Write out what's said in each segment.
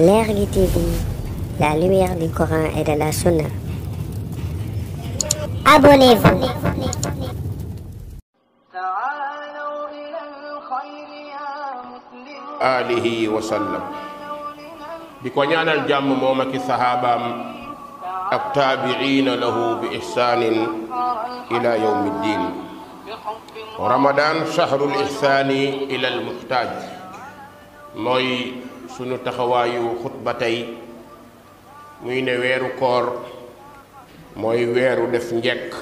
L'air L'Airly TV, la lumière du Coran et de la Sunna. Abonnez-vous. alihi wa sallam di ko ñaanal jàmm moom ak i sahabaam ak taabiina lahu bi ihsanin ila yawmi ddin ramadan shahrul ihsani ila al muhtaj mooy sunu taxawaayu ba tey muy ne weeru koor mooy weeru def njekk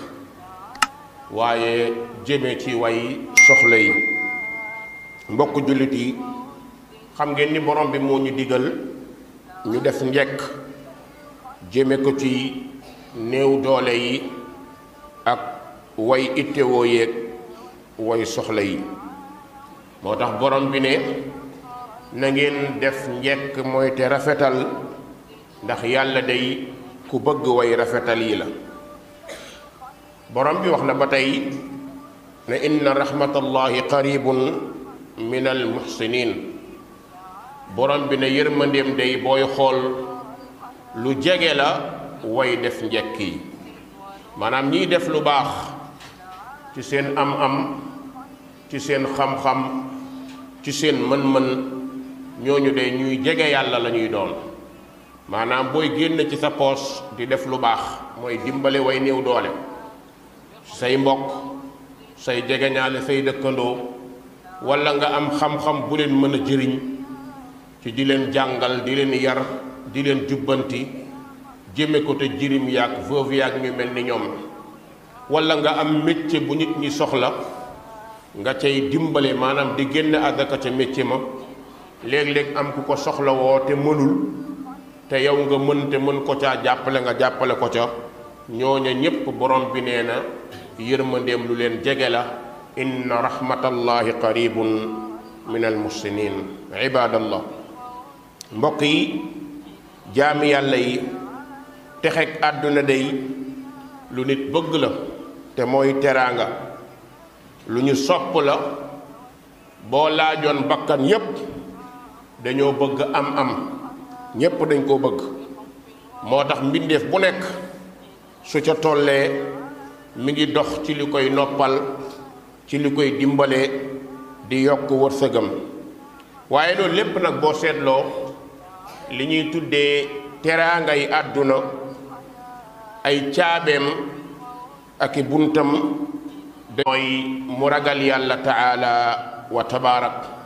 waaye jëme ci way soxla yi mbokk jullit yi xam ngeen ni borom bi moo ñu digal ñu def njekk jëme ko ci néew doole yi ak way ittewoo yeeg way soxla yi moo tax borom bi ne na ngeen def njekk mooy te rafetal ndax yàlla day ku bëgg way rafetal yi la borom bi wax na ba tey ne inna rahmatallahi qaribun min al muhsinin borom bi ne yërmandeem day booy xool lu jege la way def njekk yi maanaam ñiy def lu baax ci seen am-am ci seen xam-xam ci seen mën-mën ñooñu de ñuy jege yàlla lañuy doon maanaam booy génn ci sa poos di def lu baax mooy dimbale way néew doole say mbokk say jegeñaale say dëkkandoo walla nga am xam-xam bu leen mën a jëriñ ci di leen jàngal di leen yar di leen jubbanti jëme ko te jirim yaag veuve yàgg ñu mel ni ñoom walla nga am métier bu nit ñi soxla nga cay dimbale maanaam di génn àddaka ca métier ma léeg-léeg am ku ko soxlawoo te mënul te yow nga mën te mën ko caa jàppale nga jàppale ko ca ñooña ñépp borom bi nee na yërmandeem lu leen jege la inna rahmatallahi qaribun min al muhsinin ibadallah mbokk yi jaami yàlla yi texeg àdduna day lu nit bëgg la te mooy teraanga lu ñu sopp la boo laajoon bakkan yépp dañoo bëgg am-am ñépp dañ koo bëgg moo tax mbindeef bu nekk su ca tollee mu ngi dox ci li koy noppal ci li koy dimbale di yokk wërsëgam waaye loolu lépp nag boo seetloo li ñuy tuddee teraangay àdduna ay caabeem ak i buntam mooy mu ragal yàlla taala wa tabaarak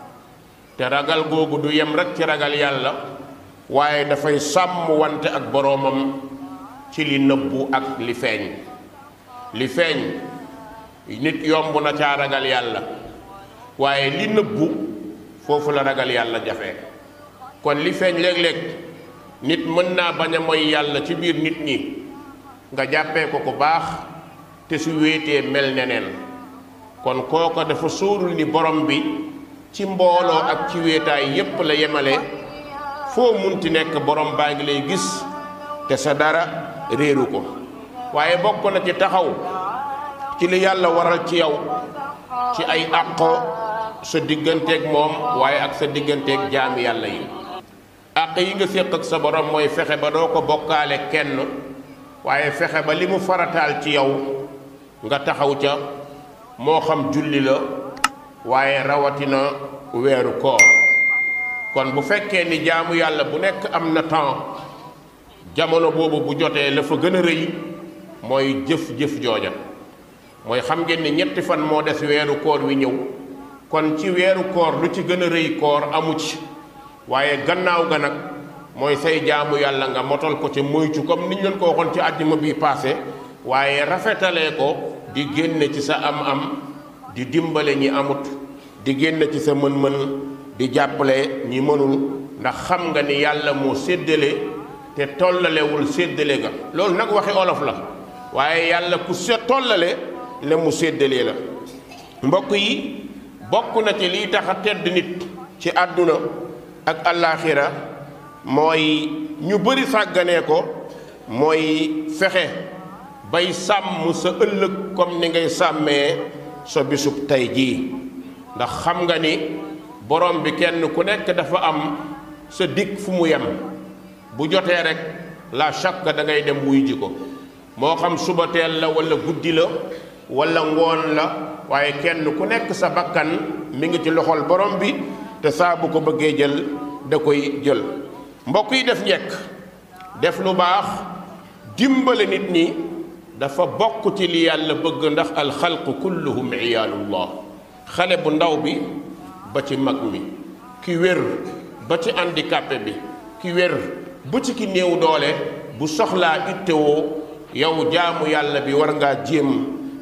te ragal googu du yem rek ci ragal yàlla waaye dafay sàmm wante ak boroomam ci li nëbbu ak li feeñ li feeñ nit yomb na caa ragal yàlla waaye li nëbbu foofu la ragal yàlla jafe kon li feeñ léeg-léeg nit mën naa bañ a moy yàlla ci biir nit ñi nga jàppee ko ko baax te su wéetee mel neneen kon kooka dafa sóorul ni borom bi ci mbooloo ak ci wéetaay yépp la yemale foo munti nekk borom baa ngi lay gis te sa dara réeru ko waaye bokk na ci taxaw ci li yàlla waral ci yow ci ay àqo sa digganteeg moom waaye ak sa digganteeg jaami yàlla yi àq yi nga séq sa borom mooy fexe ba doo ko bokkaale kenn waaye fexe ba li mu farataal ci yow nga taxaw ca moo xam julli la waaye rawatina weeru koor kon bu fekkee ni jaamu yàlla bu nekk am na temps jamono boobu bu jotee la fa gën a rëy mooy jëf-jëf jooja mooy xam ngeen ni ñetti fan moo des weeru koor wi ñëw kon ci weeru koor lu ci gën a rëy koor amu ci waaye gannaaw ga nag mooy say jaamu yàlla nga motal ko ci moytu comme niñ leen ko waxoon ci àjjuma bi passé waaye rafetale ko di génne ci sa am-am di dimbale ñi amut di génn ci sa mën-mën di jàppale ñi mënul ndax xam nga ni yàlla moo séddale te tollalewul séddale ga loolu nag waxi olof la waaye yàlla ku se tollale la mu séddalee la mbokk yi bokk na ci liy taxa tedd nit ci àdduna ak allaaxira mooy ñu bëri sàgganee ko mooy fexe bay sàmm sa ëllëg comme ni ngay sàmmee sa bisub tey jii ndax xam nga ni borom bi kenn ku nekk dafa am sa dikk fu mu yem bu jotee rek la chaque da ngay dem wuy ji ko moo xam suba teel la wala guddi la walla ngoon la waaye kenn ku nekk sa bakkan mi ngi ci loxol borom bi te saa bu ko bëggee jël da koy jël mbokk yi def njekk def lu baax dimbale nit ñi dafa bokk ci li yàlla bëgg ndax alxalqu kulluhum iyaalullah xale bu ndaw bi ba ci mag mi ki wér ba ci handicapé bi ki wér bu ci ki néew doole bu soxlaa ittewoo yow jaamu yàlla bi war ngaa jéem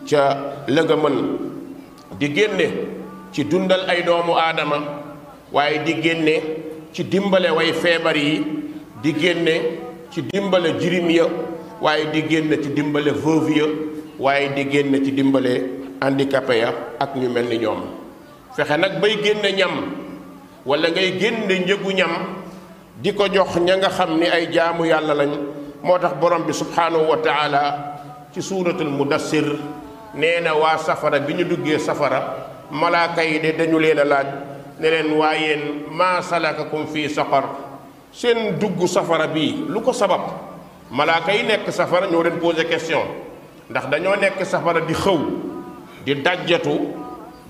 ca la mën di génne ci dundal ay doomu aadama waaye di génne ci dimbale way feebar yi di génne ci dimbale jirim ya waaye di génn ci dimbale veuve ya waaye di génn ci dimbale handicapé ya ak ñu mel ni ñoom fexe nag bay génne ñam wala ngay génn njëgu ñam di ko jox ña nga xam ni ay jaamu yàlla lañ moo tax borom bi subhaanahu wa ci suuratul mudassir nee na waa safara bi ñu duggee safara malaaka yi de dañu leen a laaj ne leen waa yéen maa salakakum fii saqar seen dugg safara bi lu ko sabab malaaka yi nekk safara ñoo leen posé question ndax dañoo nekk safara di xëw di dajjatu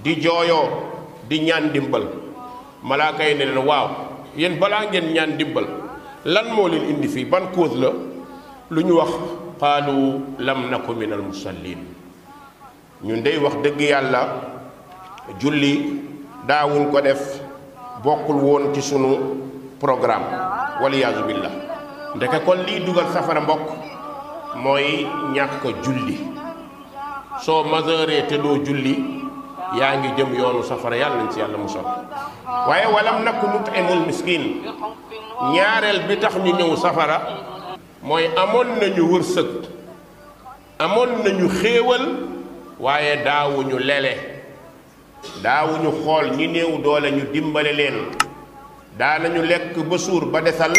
di jooyoo di ñaan dimbal malaaka yi ne waaw yéen balaa ngeen ñaan dimbal lan moo leen indi fii ban cause la lu ñu wax qaalu lam naku min al musallin ñun dey wax dëgg yàlla julli daawuñ ko def bokkul woon ci sunu programme waliyaasu billah ndeke kon liy dugal safara mbokk mooy ñàkk julli soo maseuree te doo julli yaa ngi jëm yoonu safara yàlla nañ ci yàlla musal waaye walam nakk nutimul miskin ñaareel bi tax ñu ñëw safara mooy amoon nañu wërsëg amoon nañu xéewal waaye daawuñu lele daawuñu xool ñi néew doole ñu dimbale leen daanañu lekk ba suur ba desal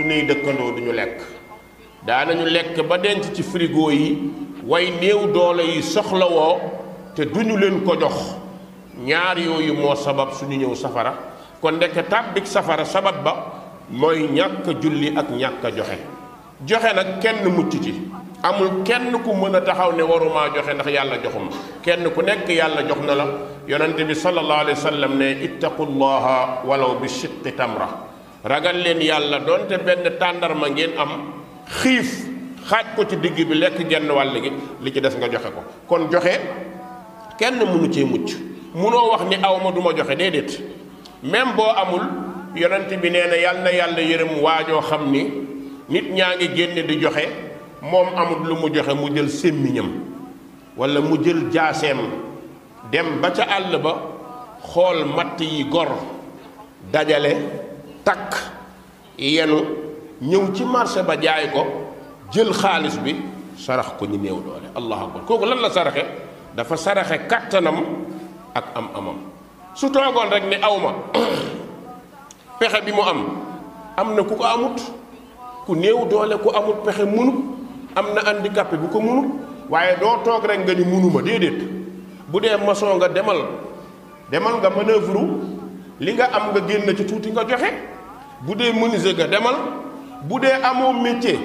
suñuy dekkando duñu lekk nañu lekk ba denc ci frigo yi way néew doole yi soxla soxlawoo te duñu leen ko jox ñaar yooyu moo sabab suñu ñëw safara kon ndeke tàbbik safara sabab ba mooy ñàkk julli ak ñàkk joxe joxe nag kenn mucc ci amul kenn ku mën a taxaw ne waruma joxe ndax yàlla joxuma kenn ku nekk yàlla jox na la yonente bi sallallahu alayhi wa sallam ne ittaqullaha walaw bi shiqqi tamra ragal leen yàlla doonte benn tàndarma ngeen am xiif xaaj ko ci digg bi lekk genn wàll gi li ci des nga joxe ko kon joxe kenn mënu ci mucc munoo wax ni awma ma du ma joxe déedéet même boo amul yonent bi nee na yàlla na yàlla yërëm waajoo xam ni nit ñaa ngi génne di joxe moom amul lu mu joxe mu jël sémmiñam walla mu jël jaaseem dem ba ca àll ba xool matt yi gor dajale takk yenu ñëw ci marché ba jaay ko jël xaalis bi sarax ko ñu néew doole allahu akbar kooku lan la saraxe dafa saraxe kàttanam ak am amam su toogoon rek ni awma pexe bi mu am am na ku ko amut ku néew doole ku amut pexe mënut am na handicapé bu ko mënut waaye doo toog rek nga ni mënuma déedéet bu dee maçon nga demal demal nga manœuvre li nga am nga génn ci tuuti nga joxe bu dee menuisier nga demal bu dee amoo métier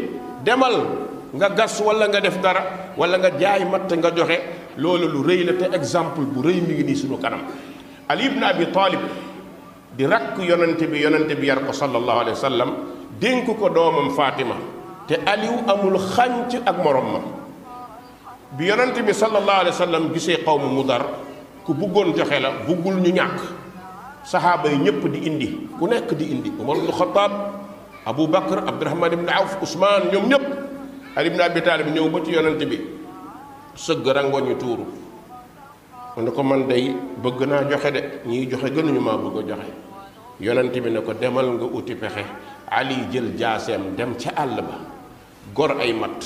demal nga gas wala nga def dara wala nga jaay matt nga joxe loolu lu rëy la te exemple bu rëy mi ngi nii sunu kanam Ali ibn Abi Talib di rakk yonente bi yonente bi yar ko sallallahu alayhi wa sallam dénk ko doomam Fatima te Aliou amul xànc ak morom ma bi yonente bi sallallahu alayhi wa sallam gisee xawmu Mudar ku bëggoon joxe la bëggul ñu ñàkk saxaaba yi ñëpp di indi ku nekk di indi Umar ibn Xattaab Abu Bakr Abdurahman ibn Awf Ousmane ñoom ñëpp Ali ibn Abi bi ñëw ba ci yonent bi sëgg rangoon ñu tuuru mu ne ko man day bëgg naa joxe de ñiy joxe gënuñu maa bëgg a joxe yonent bi ne ko demal nga uti pexe Ali jël jaaseem dem ci àll ba gor ay mat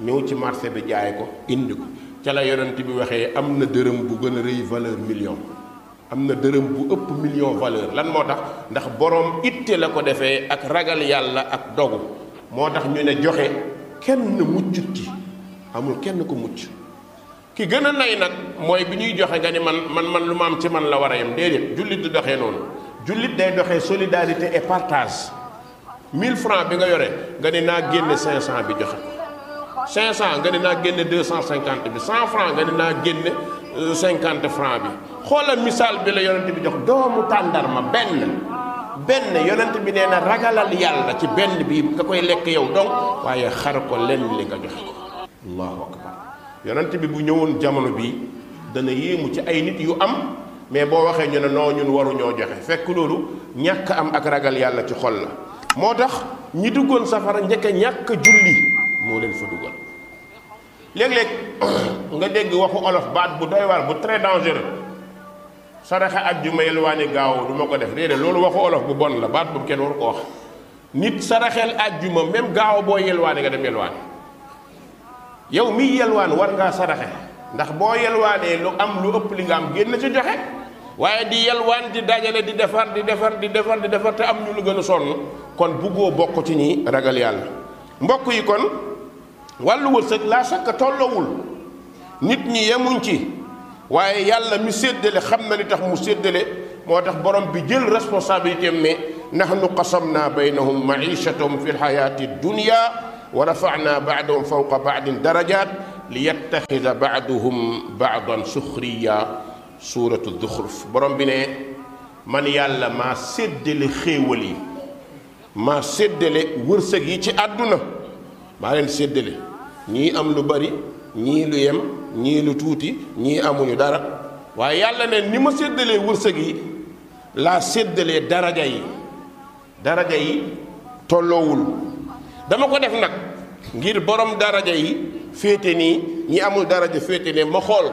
ñëw ci marché bi jaay ko indi ko ca la yonent bi waxee am na dërëm bu gën a rëy valeur million amna deureum bu upp million valeur lan motax ndax borom itte lako ko ak ragal yalla ak dogu motax ñu né joxé kenn muccuti amul kenn ko mucc ki gëna nay nak moy bi ñuy joxe nga man man man lu am ci man la wara yam yem julit du doxé non julit day doxé solidarité et partage 1000 francs bi nga yoré gani na génné 500 bi joxé 500 gani na génné 250 bi 100 francs gani na génné cinquante franc bi xoolal misaal bi la yonent bi jox doomu tàndarma benn benn yonent bi nee na ragalal yàlla ci benn bi nga koy lekk yow donc waaye xar ko lenn li nga joxe allahu akbar yonent bi bu ñëwoon jamono bi dana yéemu ci ay nit yu am mais boo waxee ñu ne noo ñun waruñoo joxe fekk loolu ñàkk am ak ragal yàlla ci xol la moo tax ñi duggoon safara njëkk ñàkk julli moo leen fa dugal léeg-léeg nga dégg waxu olof baat bu doy waar bu très dangereux saraxe àjjuma yelwaani gaaw duma ko def déedéet loolu waxu olof bu bon la baat bu kenn waru ko wax nit saraxeel àjjuma même gaaw boo yelwaani nga dem yelwaani yow miy yelwaan war ngaa saraxe ndax boo yelwaanee lu am lu ëpp li nga am génn ci joxe waaye di yelwaan di dajale di defar di defar di defar di defar te am lu lu gën a sonn kon buggoo bokk ci ñi ragal yàlla mbokk yi kon. wàllu wërsëg laa sakk tollowul nit ñi yemuñ ci waaye yàlla mi séddale xam na li tax mu séddale moo tax borom bi jël responsabilité am ne nahnu qasamna baynahum maichatahum fi lxayaati dunia wa rafana baadahum fawqa baadin darajat liyattaxida baaduhum baadan suxriya suuratu duxruf borom bi ne man yàlla maa séddale xéewal yi maa séddale wërsëg yi ci àdduna maa leen séddale ñii am lu bari ñii lu yem ñii lu tuuti ñii amuñu dara waaye yàlla ne ni ma séddalee wërsëg yi laa séddalee daraja yi daraja yi tolloowul dama ko def nag ngir boroom daraja yi féete nii ñi amul daraja féete ne ma xool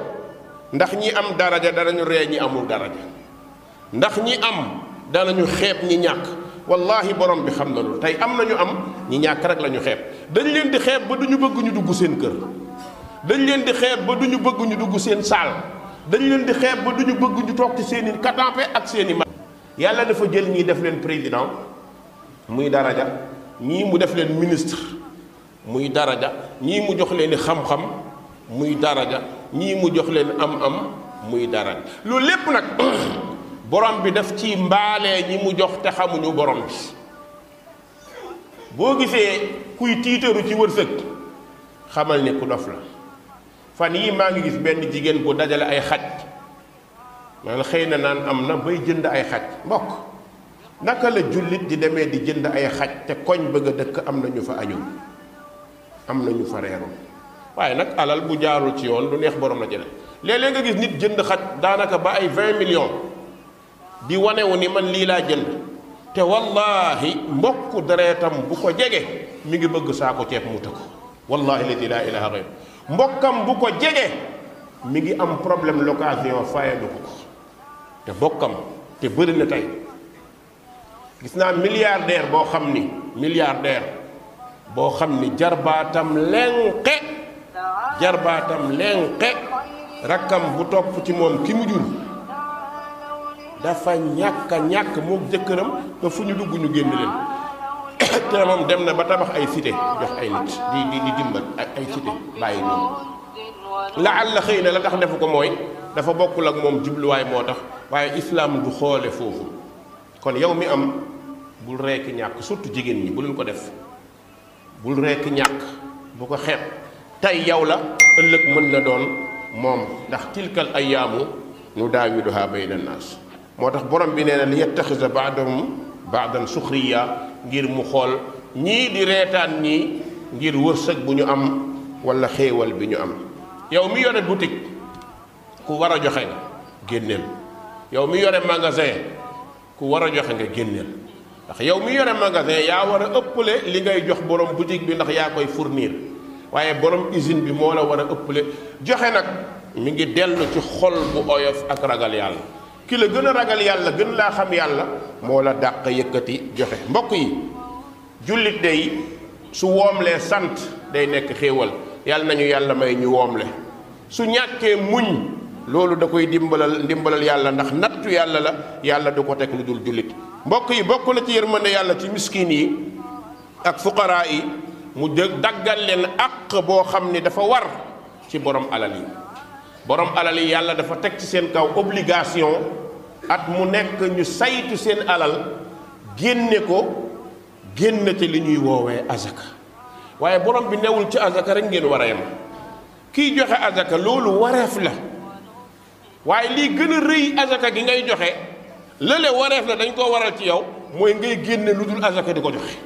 ndax ñi am daraja danañu ree ñi amul daraja ndax ñi am danañu xeeb ñi ñàkk والله بروم بي خامنا لول تاي امنا نيو ام ني نياك رك لا نيو خيب دنج لين دي خيب با دونو بوج ني دوجو سين كير دنج لين دي خيب با دونو بوج ني دوجو سين سال دنج لين دي خيب با دونو بوج ني توك تي سين كاتامبي اك سين ما يالا دافا جيل ني داف لين بريزيدان موي دراجا ني مو داف لين مينستر موي دراجا ني مو جوخ لين خام خام موي دراجا ني مو جوخ لين ام ام موي دراجا لول ليپ نك borom bi daf ci mbaalee ñi mu jox te xamuñu borom bi boo gisee kuy tiitaru ci wërsëg xamal ne ku dof la fan yi maa ngi gis benn jigéen bu dajale ay xaj man xëy na naan am na bay jënd ay xaj mbokk naka la jullit di demee di jënd ay xaj te koñ bëgg a dëkk am na ñu fa añul am na ñu fa reerul waaye nag alal bu jaarul ci yoon lu neex borom la jële léeg-léeg nga gis nit jënd xaj daanaka ba ay 20 millions di wanewu ni man lii laa jënd te wallahi mbokk deretam bu ko jege mi ngi bëgg saako ceeb mu tëkk wallahi ladi laa ilaha xayr mbokkam bu ko jege mi ngi am problème location fayalu ko ko te bokkam te bëri na tey gis naa milliardaire boo xam ni milliardaire boo xam ni jarbaatam lenqe jarbaatam lenqe rakkam bu topp ci moom ki mu jur dafa ñàkk ñàkk moom jëkkëram te fu ñu dugg ñu génn leen te moom dem na ba tabax ay cité jox ay nit di di di dimbal ay cité bàyyi noonu la àll xëy na la tax defu ko mooy dafa bokkul ak moom jubluwaay moo tax waaye islam du xoole foofu kon yow mi am bul rekk ñàkk surtout jigéen ñi bu leen ko def bul rekk ñàkk bu ko xeeb tey yow la ëllëg mën na doon moom ndax ay ayyaamu nu daawiluhaa bayna naas motax borom bi neena li yattakhiz ba'dhum ba'dan sukhriya ngir mu xol ñi di reetaan ñi ngir wërseuk buñu am wala xéewal biñu am yow mi yore boutique ku wara joxe nga gennel yow mi yore magasin ku wara joxe nga gennel ndax yow mi yore magasin ya wara ëppulé li ngay jox borom boutique bi ndax ya koy fournir waye borom usine bi mo la wara ëppulé joxe nak mi ngi delu ci xol bu oyof ak ragal yàlla ki la gën a ragal yàlla gën laa xam yàlla moo la dàq yëkkati joxe mbokk yi jullit day su woomlee sant day nekk xéewal yàlla nañu yàlla may ñu woomle su ñàkkee muñ loolu da koy dimbalal dimbalal yàlla ndax nattu yàlla la yàlla du ko teg lu dul jullit mbokk yi bokk la ci yërmande yàlla ci miskin yi ak fuqaraa yi mu daggal leen àq boo xam ni dafa war ci borom alal yi borom alal yi yàlla dafa teg ci seen kaw obligation at mu nekk ñu saytu seen alal génne ko génn ci li ñuy woowee azaka waaye borom bi newul ci azaka rek ngeen war a yem kiy joxe azaka loolu wareef la waaye lii gën a rëy azaka gi ngay joxe lële wareef la dañ koo waral ci yow mooy ngay génne lu dul azaka di ko joxe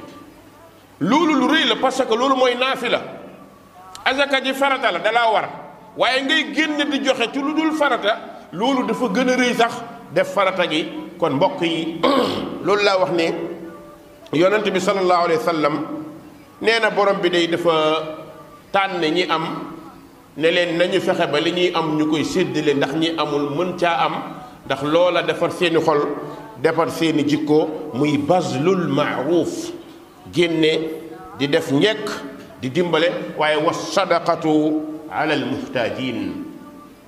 loolu lu rëy la parce que loolu mooy naafi la azaka ji farata la dalaa war waaye ngay génn di joxe ci lu dul farata loolu dafa gën a rëy sax def farata gi kon mbokk yi loolu laa wax ne yonent bi sallallahu alayhi wa sallam nee na borom bi day dafa tànn ñi am ne leen nañu fexe ba li ñuy am ñu koy séddale ndax ñi amul mën caa am ndax loola defar seeni xol defar seeni jikko muy bazlul maaruf génne di def njekk di dimbale waaye was sadaqatu alal muhtaajin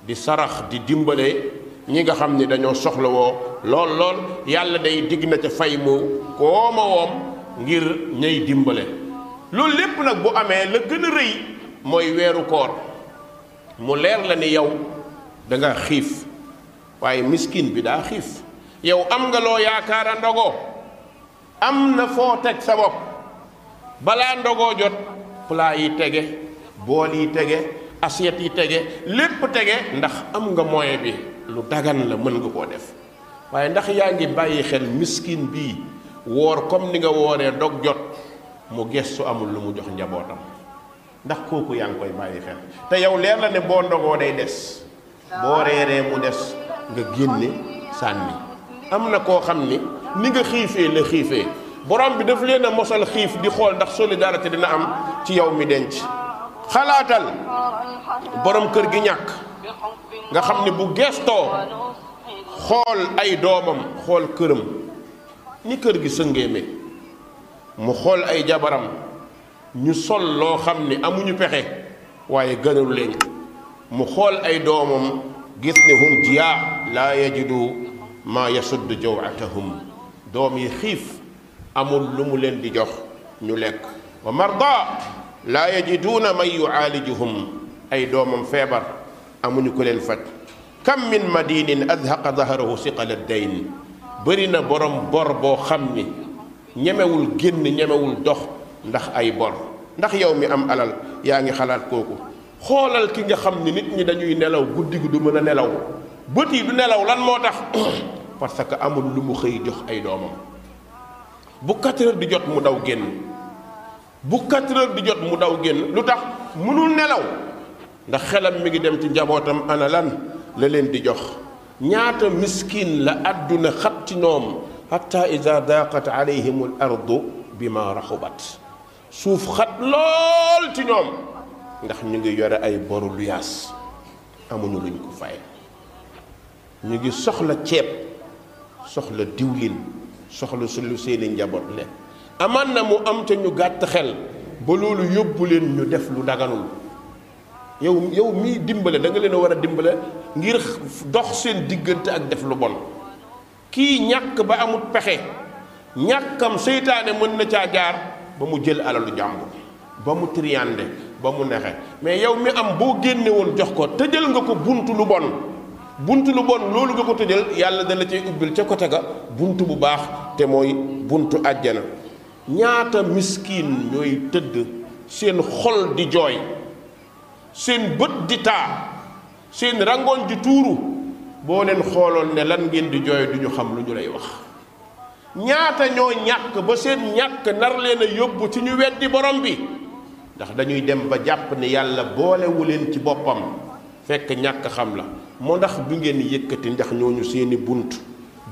di sarax di dimbale ñi nga xam ni dañoo soxlawoo lool lool yàlla day digg na ca fay mu kooma woom ngir ñay dimbale loolu lépp nag bu amee la gën a rëy mooy weeru koor mu leer la ne yow danga xiif waaye miskin bi daa xiif yow am nga loo yaakaar a ndogoo am na foo teg sa bopp balaa ndogoo jot plat yi tege bool yi tege assiette yi tege lépp tege ndax am nga moyen bi lu dagan la mën nga koo def waaye ndax yaa ngi bàyyi xel miskin bii woor comme ni nga wooree dog jot mu gestu amul lu mu jox njabootam ndax kooku yaa ngi koy bàyyi xel te yow leer la ne boo ndogoo day des boo reeree mu des nga génne sànni am na koo xam ni ni nga xiifee la xiifee borom bi daf leen a mosal xiif di xool ndax solidarité dina am ci yow mi denc xalaatal borom kër gi ñàkk nga xamni bu gesto xol ay domam xol këram ni keur gi sëngeeme mu xol ay jabaram ñu sol lo xamni amuñu pexe waye gënalu leen mu xol ay domam gis ni hum jiya la yajidu ma yasudd jaw'atuhum doom yi xiif amul lu mu leen di jox ñu lek wa marda laa yajiduuna man yuaalijuhum ay doomam feebar amuñu ku leen faj kam min madinin adhaqa daharahu siqala dayn bëri na borom bor boo xam ni ñemewul génn ñemewul dox ndax ay bor ndax yow mi am alal yaa ngi xalaat kooku xoolal ki nga xam ni nit ñi dañuy nelaw guddi gi du mën a nelaw bët yi du nelaw lan moo tax parce que amul lu mu xëy jox ay doomam bu 4 heures di jot mu daw génn bu 4 heures di jot mu daw génn lutax munul nelaw ndax xelam mi ngi dem ci njabootam ana lan la leen di jox ñaata miskin la aduna xatti ci ñoom hatta iza daqat alayhim al ardu bima raxubat suuf xat lol ci ñoom ndax ñu ngi yore ay boru luyaas amuñu luñ ko fay ñu ngi soxla ciep soxla diwlin soxla sulu lu seeni njaboot lekk amaan na mu am ca ñu gàtt xel ba loolu yóbbu leen ñu def lu daganul yow yow mii dimbale da nga leen war a dimbale ngir dox seen diggante ak def lu bon kii ñàkk ba amut pexe ñàkkam seytaane mën na caa jaar ba mu jël alalu jàmbur ba mu triyande ba mu nexe mais yow mi am boo génne jox ko tëjal nga ko buntu lu bon buntu lu bon loolu nga ko tëjal yàlla dala cay ubbil ca côté ga buntu bu baax te mooy buntu àjjana ñaata miskin ñooy tëdd seen xol di jooy seen bët di taa seen rangoon di tuuru boo leen xooloon ne lan ngeen di jooy duñu xam lu ñu lay wax ñaata ñoo ñàkk ba seen ñàkk nar leen a yóbbu ci ñu weddi borom bi ndax dañuy dem ba jàpp ne yàlla boolewu leen ci boppam fekk ñàkk xam la moo ndax du ngeen yëkkati ndax ñooñu seeni bunt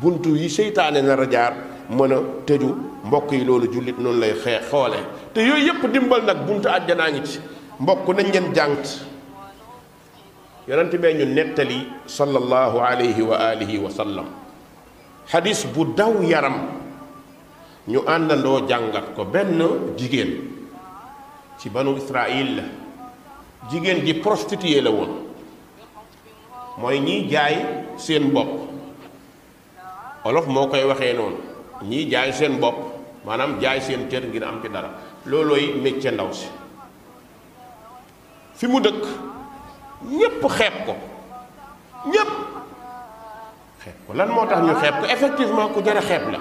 bunt yi seytaane nar a jaar mën a tëju mbokk yi loolu jullit noonu lay xee xoole te yooyu yëpp dimbal nag buntu àjjanaa ngi ci mbokk nañ leen jàngat yonent bee ñu nettali sallallahu alayhi wa alihi wa sallam xadis bu daw yaram ñu àndandoo jàngat ko benn jigéen ci banu Israil la jigéen ji prostituée la woon mooy ñiy jaay seen bopp olof moo koy waxee noonu ñii jaay seen bopp maanaam jaay seen cër ngir am ci dara loolooy métier ndaw si fi mu dëkk ñépp xeeb ko ñépp xeeb ko lan moo tax ñu xeeb ko effectivement ku jar a xeeb la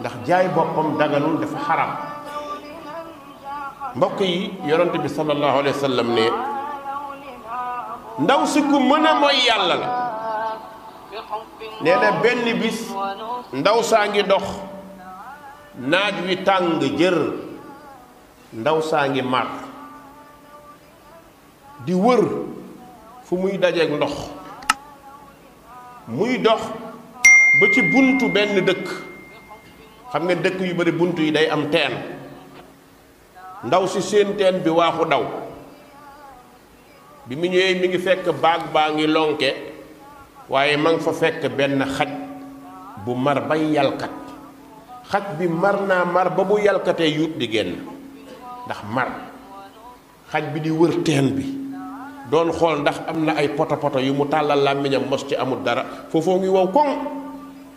ndax jaay boppam daganul dafa xaram mbokk yi yonent bi sallallahu alayhi wa sallam ne ndaw si ku mën mooy yàlla la nee na benn bis ndaw saa ngi dox naaj wi tàng jër ndaw saa ngi mar di wër fu muy dajeek ndox muy dox ba ci buntu benn dëkk xam nga dëkk yu bari bunt yi day am teen ndaw si seen teen bi waaxu daw bi mu ñëwee mi ngi fekk baag baa ngi lonke waaye ma nga fa fekk benn xaj bu mar bay yalkat xaj bi mar naa mar ba bu yalkatee yuut di génn ndax mar xaj bi di wër teen bi doon xool ndax am ay poto poto yu mu tàllal làmmiñam mos ci amul dara foofoo ngi wow kong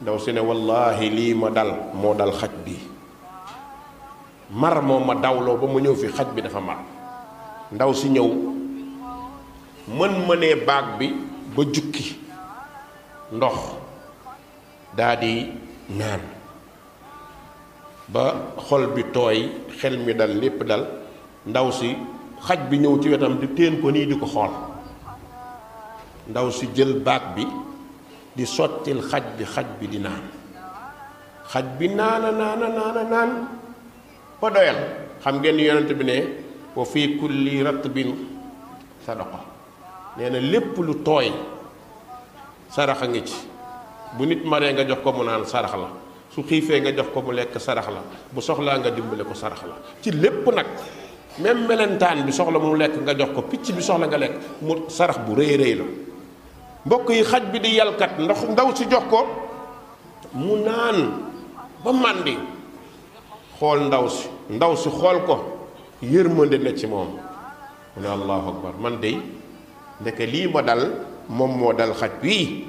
ndaw si ne wallaahi ma dal moo dal xaj bi mar moo ma dawloo ba ma ñëw fi xaj bi dafa mar ndaw si ñëw mën mënee baag bi ba jukki ndox daa naan ba xol bi tooy xel mi dal lépp dal ndaw si xaj bi ñëw ci wetam di téen ko nii di ko xool ndaw si jël baag bi di sottil xaj bi xaj bi di naan xaj bi naana naana naana naan ba doyal xam ngeen yonent bi ne wa fi kulli ratbin sadaqa nee lépp lu tooy sarax a bunit ci bu nit maree nga jox ko mu naan sarax la su xiifee nga jox ko mu lekk sarax la bu soxlaa nga dimbale ko sarax la ci lépp nag même melentaan bi soxla mu lekk nga jox ko picc bi soxla nga lekk mu sarax bu rëy rëy la mbokk yi xaj bi di yalkat ndox ndaw si jox ko mu naan ba màndi xool ndaw si ndaw si xool ko yërmande na ci ne allahu akbar man de ndeke ma dal moom moo dal xaj wii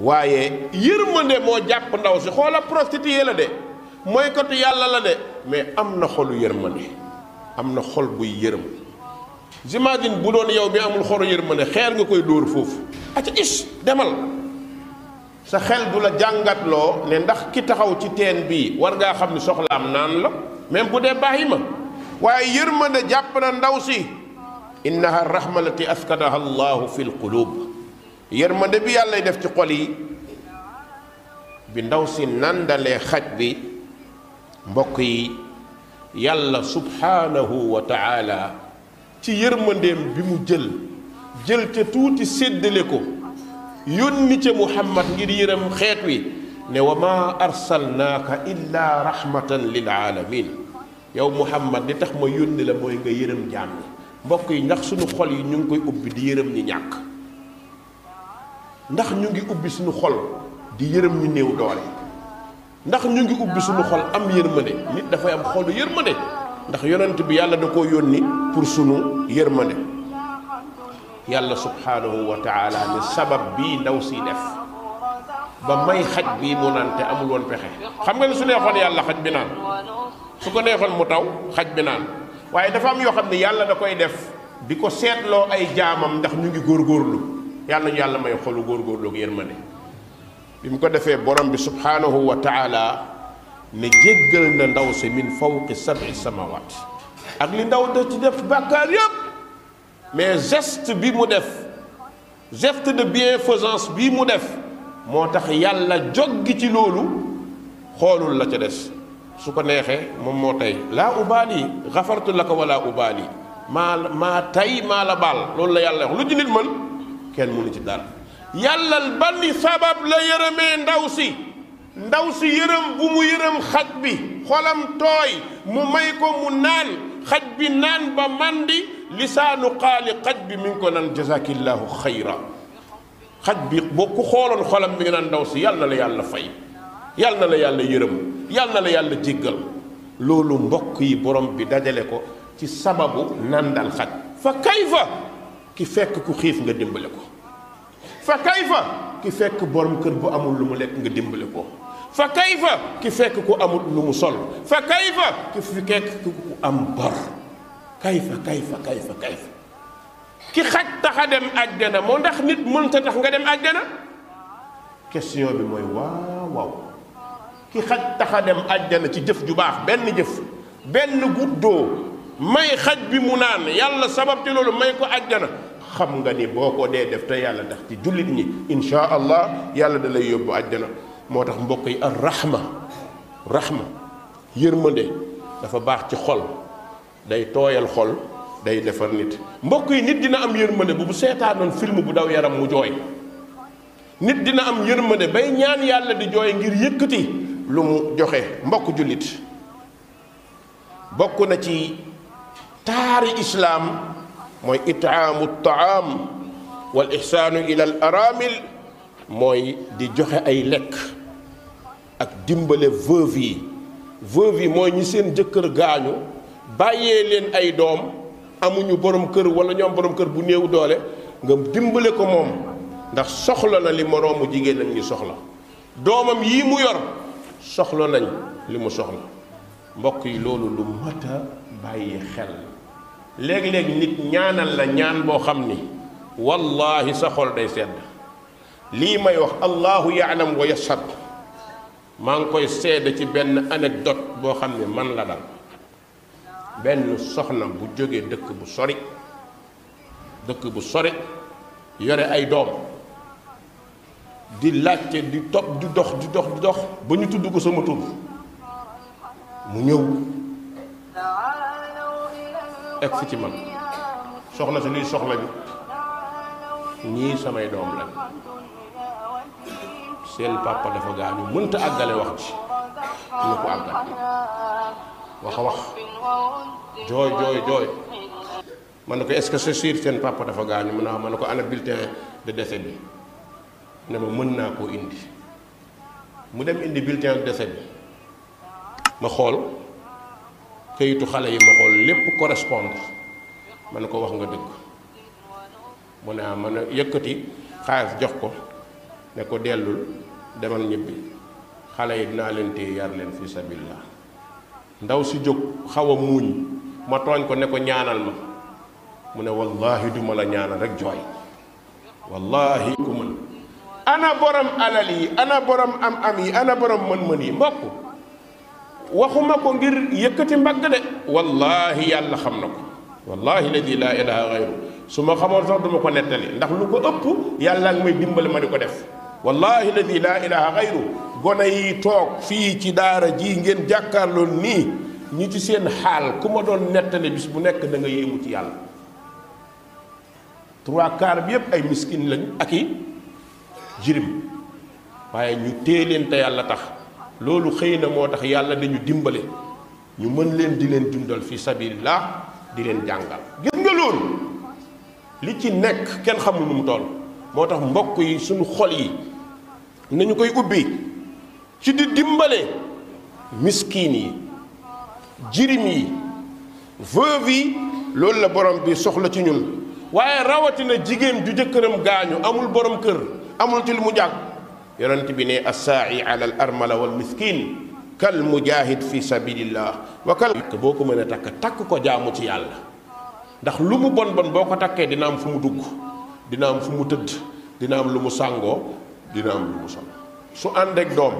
waaye yërmande moo jàpp ndaw si xoola prostituée la de mooy kotu yàlla la de mais am na xolu yërmande am na xol buy yërëm j'imagine bu doon yow bi amul xolu yërmande xeer nga koy dóor foofu aca is demal sa xel du la jàngatloo ne ndax ki taxaw ci teen bii war ngaa xam ni soxlaam naan la même bu dee yi ma waaye yërmande jàpp na ndaw si innaha rahmalati askanaha allahu fi l qulub yërmande bi yàlla def ci xol yi bi ndaw si nandale xaj bi mbokk yi yàlla subhanahu wa taala ci yërmandeem bi mu jël jël ca tuuti séddale ko yónni ca muhammad ngir yërëm xeet wi ne wa ma arsalnaka illa rahmatan lil alamin yow muhammad li tax ma yónni la mooy nga yërëm jàmm yi mbokk yi ndax sunu xol yi ñu ngi koy ubbi di yërëm ñi ñàkk ndax ñu ngi ubbi suñu xol di yërëm ñu néew doole ndax ñu ngi ubbi suñu xol am yërmande nit dafay am xolu yërmande ndax yonent bi yàlla da koo yónni pour suñu sunu yërmande yàlla subhaanahu wa taala ne sabab bii ndaw si def ba may xaj bii mu naan amul woon pexe xam nga ni su neexoon yàlla xaj bi naan su ko neexoon mu taw xaj bi naan waaye dafa am yoo xam ne yàlla da koy def bi ko seetloo ay jaamam ndax ñu ngi góor góorlu yàlla nañu yàlla may xolu góorgóorlu ak yërmande bi mu ko defee borom bi subhanahu wa taala ne jéggal na ndaw si min fawqi sabi samawaat ak li ndaw da ci def bàkkaar yépp mais geste bi mu def geste de bienfaisance bi mu def moo tax yàlla joggi ci loolu xoolul la ca des su ko neexee moom moo tey laa ubaali xafartu la ko wala ubaali maa maa tey maa la baal loolu la yàlla wax lu ci nit mën kenn mënu ci dara yàllal ban sabab la yërëmee ndaw si ndaw si yërëm bu mu yërëm xaj bi xolam tooy mu may ko mu naan xaj bi naan ba mandi lisaanu xaali xaj bi mi ngi ko naan jazakillahu xayra xaj bi boo ku xooloon xolam mi ngi naan ndaw si yàlla na la yàlla fay yàlla na la yàlla yërëm yàlla na la yàlla jéggal loolu mbokk yi borom bi dajale ko ci sababu nandal xaj fa kayfa ki fekk ku xiif nga dimbale ko fa kayfa ki fekk borom kër bu amul lu mu lekk nga dimbale ko fa kayfa ki fekk ku amul lu mu sol fa kayfa ki fekk ku am bor kayfa kayfa kayfa kayfa ki xaj taxa dem àjjana moo ndax nit mënta tax nga dem àjjana question bi mooy waaw waaw ki xaj taxa dem àjjana ci jëf ju baax benn jëf benn guddoo may xaj bi mu naan yàlla sabab ci loolu may ko àjjana xam nga ni boo ko dee def te yàlla tax ci jullit ñi insha allah yàlla da lay yóbbu àjjana moo tax mbokk yi ar rahma rahma yërmande dafa baax ci xol day tooyal xol day defar nit mbokk yi nit dina am yërmande bu bu seetaanoon film bu daw yaram mu jooy nit dina am yërmande bay ñaan yàlla di jooy ngir yëkkati lu mu joxe mbokk jullit bokk na ci taari islaam mooy itaamu taam wal ihsaanu ila al aramil mooy di joxe ay lekk ak dimbale veuve yi veuve yi mooy ñi seen jëkkër gaañu bàyyee leen ay doom amuñu borom kër wala ñoom borom kër bu néew doole nga dimbale ko moom ndax soxla na li moroomu jigéenam ñi soxla doomam yii mu yor soxla nañ li mu soxla mbokk yi loolu lu mat a bàyyi xel leg leg nit ñaanal la ñaan boo xam ni wallaahi sa xol day sedd lii may wax allahu yaalam wa yashad maa ngi koy seede ci benn anecdote boo xam ne man la dal benn soxna bu jógee dëkk bu sori dëkk bu sori yore ay doom di laajte di topp di dox di dox di dox ba ñu tudd ko sama tur mu ñëw egg si ci man soxna si luy soxla bi ñii samay doom lañ seen papa dafa gaañu mënta àggale wax ci ñu ko àggal wax a wax jooy jooy jooy man ne ko est-ce que c'est sûr seen papa dafa gaañu mun naa man ne ko ana bulletin de décès bi ne mën naa koo indi mu dem indi bulletin de décès bi ma xool këyitu xale yi ma xool lépp correspondre ma ne ko wax nga dëgg mu ne ah ma ne yëkkati xaalis jox ko ne ko dellul demal ñibbi xale yi dinaa leen téye yar leen fi sabilillah ndaw si jóg xaw a muuñ ma tooñ ko ne ko ñaanal ma mu ne wallaahi duma la ñaanal rek jooy wallaahi ku mën ana borom alal yi ana borom am am yi ana borom mën-mën yi mbokk waxuma ko ngir yëkkati mbagg de wallahi yàlla xam na ko wallahi ladi laa ilaha gayru su ma xamoon sax duma ko nettali ndax lu ko ëpp yàlla ngi may dimbali ma di ko def wallahi ladi laa ilaha gayru gone yi toog fii ci daara ji ngeen jàkkaarloon nii ñi ci seen xaal ku ma doon nettali bis bu nekk da nga yéemu ci yàlla trois quarts bi yëpp ay miskin lañ ak i jirim waaye ñu téeleen te yàlla tax loolu xëy na moo tax yàlla dañu dimbale ñu mën leen di leen dundal fi sabilillah di leen jàngal gis nga loolu li ci nekk kenn xamul nu mu toll moo tax mbokk yi suñu xol yi nañu koy ubbi ci di dimbale miskin yi jirim yi veuve yi loolu la borom bi soxla ci ñun waaye rawatina jigéen ju jëkkëram gaañu amul borom kër amul ci lu mu jàkk yonent bi ne assaai ala al armala wal miskin kal mujahid fi sabilillah wa kal boo ko mën a takk takk ko jaamu ci yàlla ndax lu mu bon bon boo ko takkee dina am fu mu dugg dina am fu mu tëdd dina am lu mu sàngoo dina am lu mu sol su ànd ak doom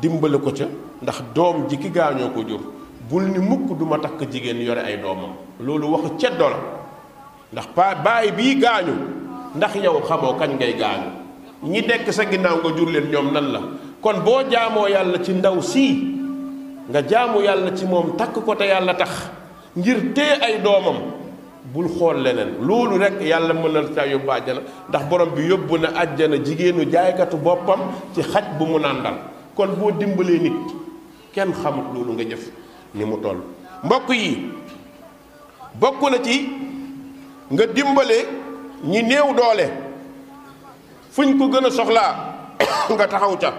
dimbale ko ca ndax doom ji ki gaañoo ko jur bul ni mukk duma takk jigéen yore ay doomam loolu waxu ceddoo la ndax pa baay bii gaañu ndax yow xamoo kañ ngay gaañu ñi nekk sa ginnaaw nga jur leen ñoom nan la kon boo jaamoo yàlla ci ndaw sii nga jaamu yàlla ci moom takk ko te yàlla tax ngir tee ay doomam bul xool leneen loolu rek yàlla mën na caa yóbbu ndax borom bi yóbbu na àjjana jigéenu jaaykatu boppam ci xaj bu mu nàndal kon boo dimbalee nit kenn xamut loolu nga jëf ni mu toll mbokk yi bokk na ci nga dimbale ñi néew doole fuñ ko gën a soxlaa nga taxaw ca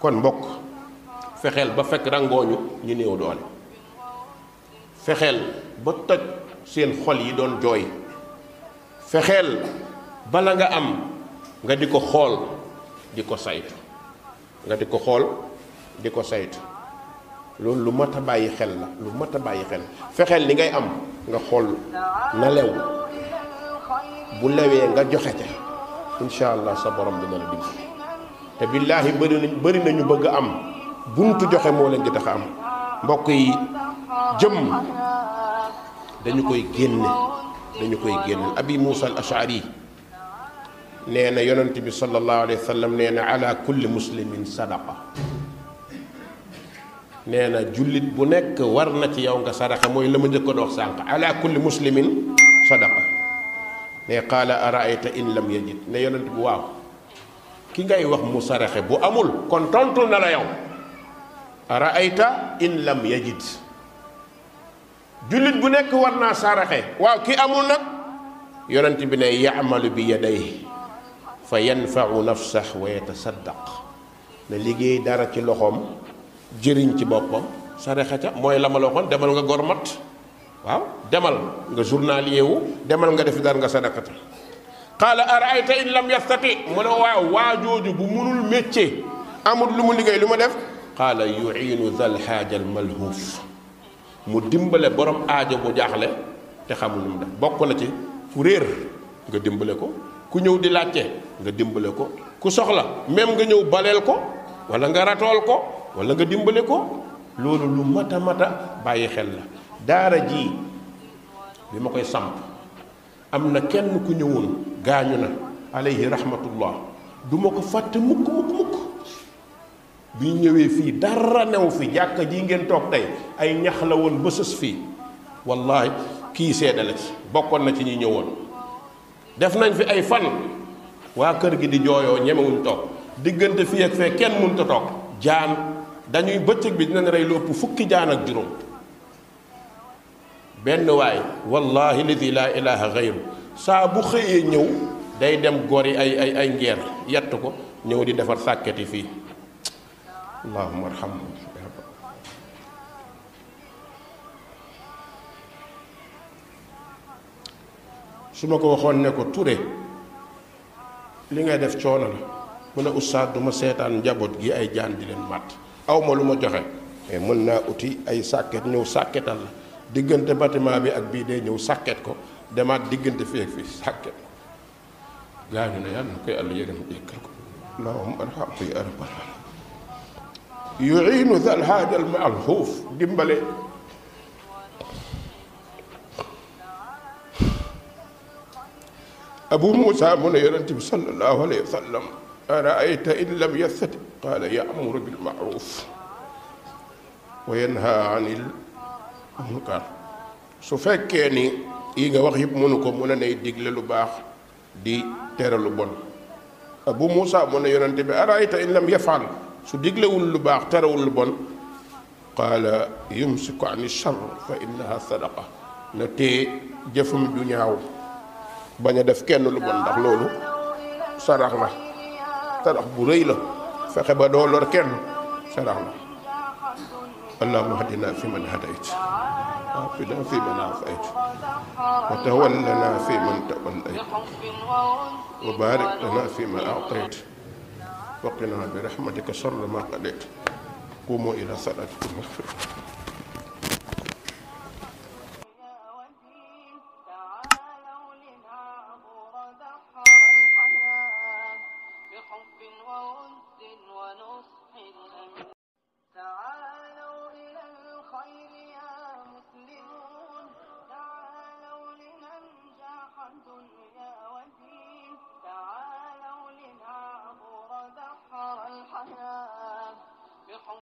kon mbokk fexeel ba fekk rangooñu ñu néew doole fexeel ba toj seen xol yi doon jooy fexeel bala nga am nga di ko xool di ko saytu nga di ko xool di ko saytu loolu lu mat a bàyyi xel la lu mat bàyyi xel fexeel li ngay am nga xool na bu lewee nga joxe ca incha allah sa borom bi dina la dimbali te billaahi bëri na bëri nañu bëgg am buntu joxe moo leen di tax am mbokk yi jëm dañu koy génne dañu koy génne abi muusa al ashari nee na yonent bi sallallahu alayhi wa sallam nee na ala kulli muslimin sadaqa na jullit bu nekk war na ci yow nga sadaqa mooy la ma njëkkoon wax sànq ala kulli muslimin sadaqa ne qala araayta in lam yajid ne yonent bu waaw ki ngay wax mu saraxe bu amul kon tontul na la yow araayta in lam yajid julit bu nekk war naa saraxe waaw ki amul nag yonent bi ne yamalu bi yaday fa yanfau nafsah wa yatasaddaq ne liggéey dara ci loxoom jëriñ ci boppam saraxe ca mooy lama ma la waxoon demal nga gormat mat waaw demal nga journalier wu demal nga def dar nga sadaqata qaala araayta in lam yastati mu ne waaw waajooju bu munul métier amul lu mu liggéey lu ma def xaala qaala yuiinu zal xaajal malhuuf mu dimbale borom aajo bu jaaxle te xamul lu mu def bokk na ci fu réer nga dimbale ko ku ñëw di laajte nga dimbale ko ku soxla même nga ñëw baleel ko wala nga ratool ko wala nga dimbale ko loolu lu mata mata bàyyi xel la daara ji bi ma koy samp am na kenn ku ñëwoon gaañu na aleyhi rahmatullah du ma ko fàtte mukk mukk mukk bi ñëwee fii dara new fi jàkka ji ngeen toog tey ay ñax la woon bësës sës fii wallahi kii seede la ci bokkoon na ci ñuy ñëwoon def nañ fi ay fan waa kër gi di jooyoo ñemewuñ toog diggante fii ak fee kenn mënut a toog jaan dañuy bëccëg bi dinañ rey lu ëpp fukki jaan ak juróom benn waay wallahi ladi laa ilaha xayru saa bu xëyee ñëw day dem gori ay ay ay ngeer yett ko ñëw di defar sàkketi fii allahuma arhamhu su ma ko waxoon ne ko Touré li ngay def coono la mu ne oustaz du ma seetaan njaboot gi ay jaan di leen màtt awma lu ma joxe mais mën naa uti ay sàkket ñëw sàkketal la diggante bâtiment bi ak bi dé ñëw sàkket ko demaat diggante fi ak fi sàkket ko gaañu na yàlla na koy àll yërëm jékkal ko lawum arhamhu ya rabbal alamin yuinu zal hada al ma'ruf dimbale abu muusa mu ne yonente bi sallallahu alayhi wa sallam araayta in lam yastati qaala yaamuru bilmaaruf wa yanha anil su fekkee ni yi nga wax yépp mënu ko mun a nay digle lu baax di tere lu bon abu muusa mun a yonante bi araayta in lam yafaal su diglewul lu baax terewul lu bon qaala yumsiku ani shar fa innaha sadaqa na tee jëfam du ñaaw bañ a def kenn lu bon ndax loolu sarax la sarax bu rëy la fexe ba doo lor kenn sarax la اللهم اهدنا فيمن هديت وعافنا فيمن عافيت وتولنا فيمن توليت وبارك لنا فيما أعطيت وقنا برحمتك شر ما قضيت قوموا إلى صلاتكم واغفروا